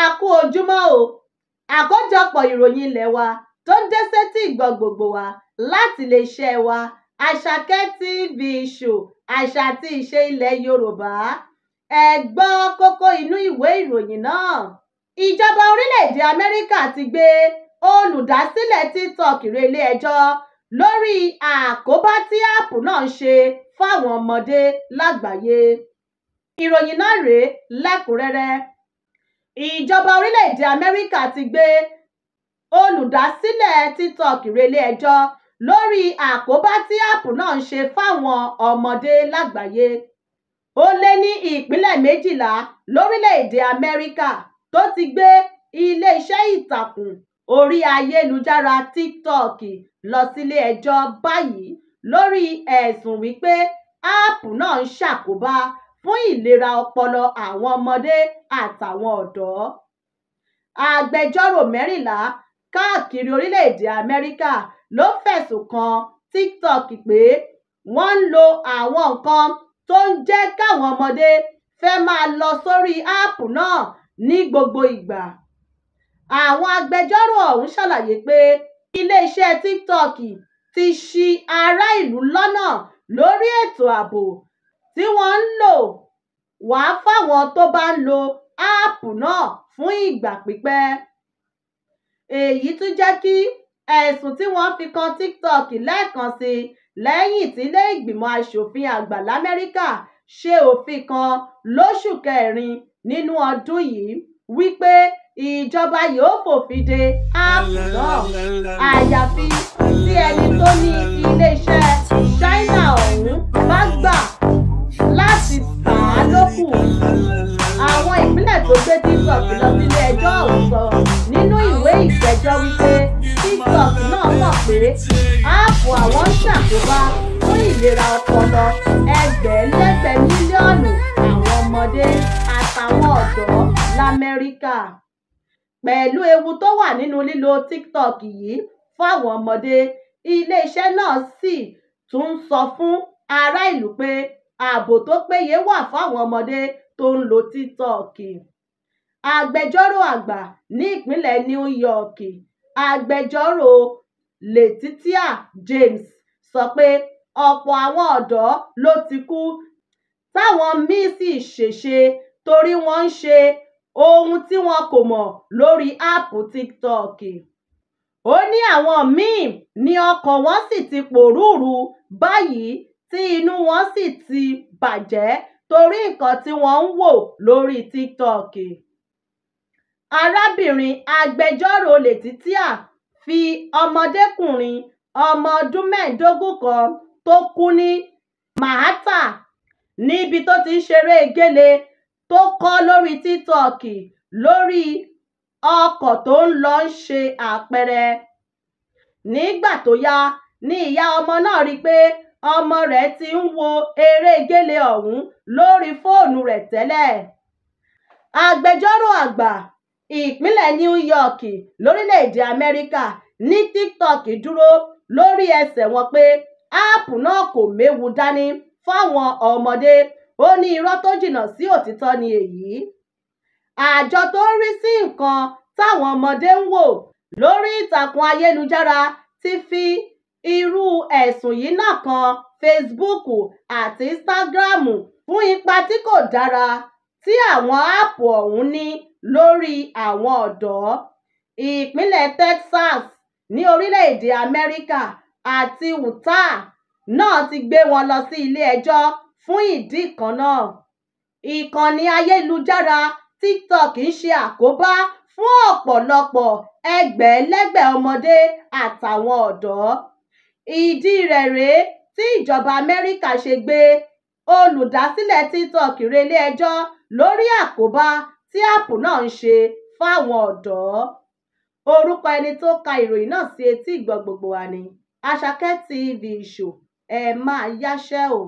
a kú ojúmọ́ o àkójọpọ̀ ìròyìn ilé wa tó ń dé sétí ìgbọ́ gbogbo wa láti iléeṣẹ́ wa àṣàkẹ́ tv show àṣà àti ìṣe ilẹ̀ yorùbá ẹ gbọ́ kókó inú ìwé ìròyìn náà ìjọba orílẹ̀-èdè amẹ́ríkà ti gbé olùdásílẹ̀ tiktok ré ilé ẹjọ́ lórí àkóbá tí áàpù náà ṣe fáwọn ọmọdé lágbàáyé ìròyìn náà rèé lẹ́kùnrẹ́rẹ́ ìjọba orílẹ̀-èdè amẹ́ríkà ti gbé olùdásílẹ̀ tiktok relé ẹjọ́ lórí àkóbá tí áàpù náà ń ṣe fáwọn ọmọdé lágbàáyé ó lé ní ìpínlẹ̀ méjìlá lórílẹ̀-èdè amẹ́ríkà tó ti gbé iléeṣẹ́ ìtàkùn orí ayélujára tiktok lọ sílé ẹjọ́ báyìí lórí ẹ̀sùn wípé áàpù náà ń ṣàkóbá fún ìlera ọpọlọ àwọn ọmọdé àtàwọn ọ̀dọ́. Agbẹjọ́rò mẹ́rìnlá káàkiri orílẹ̀-èdè Amẹ́ríkà ló fẹ̀sùn kan TikTok pé wọ́n ń lo àwọn nǹkan tó ń jẹ́ káwọn ọmọdé fẹ́ máa lọ sórí áàpù náà ní gbogbo ìgbà. Àwọn agbẹjọ́rò ọ̀hún ṣàlàyé pé iléeṣẹ́ TikTok ti ṣi ará ìlú lọ́nà lórí ètò ààbò tí wọ́n ń lò wàá fáwọn tó bá ń lo áàpù náà fún ìgbà pípẹ́ èyí tún jẹ́ kí ẹ̀sùn tí wọ́n fi kan tiktok lẹ́ẹ̀kan sí lẹ́yìn tí ilé ìgbìmọ̀ asòfin àgbà lamẹ́ríkà ṣe òfin kan lóṣù kẹrin nínú ọdún yìí wípé ìjọba yóò fòfin de áàpù náà àyàfi sí ẹni tó ní iléeṣẹ́ ṣáínà ọ̀hún tó gbé tiktok lọ sílé ẹjọ́ ọ̀hún sọ nínú ìwé ìpẹ̀jọ́ wípé tiktok náà mọ̀ pé áàpù àwọn ń ṣàkóbá fún ìlera ọpọlọ ẹgbẹ̀ẹ́lẹ́gbẹ̀ mílíọ̀nù àwọn ọmọdé àtàwọn ọ̀dọ́ lamẹ́ríkà pẹ̀lú ewu tó wà nínú lílo tiktok yìí fáwọn ọmọdé iléeṣẹ́ náà sì tún sọ fún ará ìlú pé ààbò tó péye wà fáwọn ọmọdé tó ń lo tiktok agbẹjọ́rò àgbà ní ìpínlẹ̀ new york agbẹjọ́rò letitia james sọ pé ọ̀pọ̀ àwọn ọ̀dọ́ ló ti kú táwọn míín sì ṣèṣe torí wọ́n ń ṣe ohun tí wọn kò mọ̀ lórí áàpù tiktok ó ní àwọn míín ní ọkàn wọn sì ti pòrúurú báyìí tí inú wọn sì ti bàjẹ́ torí nǹkan tí wọ́n ń wò lórí tiktok arábìnrin agbẹjọ́rò letitia fi ọmọdékùnrin ọmọ ọdún mẹ́ẹ̀ẹ́dógún kan tó kú ní mahata níbi tó ti ń ṣeré gélé tó kọ́ lórí tiktok lórí ọkọ̀ tó ń lọ ń ṣe àpẹẹrẹ nígbà tó yá ni ìyá ọmọ náà rí i pé ọmọ rẹ̀ ti ń wo eré gélé ọ̀hún lórí fóònù rẹ̀ tẹ́lẹ̀ agbẹjọ́rò àgbà ìpínlẹ̀ New York lórílẹ̀‐èdè Amẹ́ríkà ní TikTok dúró lórí ẹsẹ̀ wọn pé áàpù náà kò méwu dání fáwọn ọmọdé ó ní irọ́ tó jìnnà sí òtítọ́ ni èyí. àjọ tó ń rí sí nǹkan táwọn ọmọdé ń wò lórí ìtàkùn ayélujára ti fi irú ẹ̀sùn yìí náà kan Facebook àti Instagram fún ipa tí kò dára tí àwọn áàpù ọ̀hún ní lórí àwọn ọ̀dọ́ ìpínlẹ̀ texas ní orílẹ̀-èdè amẹ́ríkà àti utah náà ti gbé wọn lọ sí ilé-ẹjọ́ fún ìdí kan náà ìkànnì ayélujára tiktok ń ṣe àkóbá fún ọ̀pọ̀lọpọ̀ ẹgbẹ̀ẹ́lẹ́gbẹ̀ ọmọdé àtàwọn ọ̀dọ́ ìdí rẹ̀ rèé tí ìjọba amẹ́ríkà ṣe gbé olùdásílẹ̀ tiktok relé ẹjọ́ lórí àkóbá tí áàpù náà ń ṣe fáwọn ọ̀dọ́. orúkọ ẹni tó ka ìròyìn náà sí etí ìgbọ́ gbogbo ní àṣàkẹ́ tv show ẹ máa yáṣẹ́ o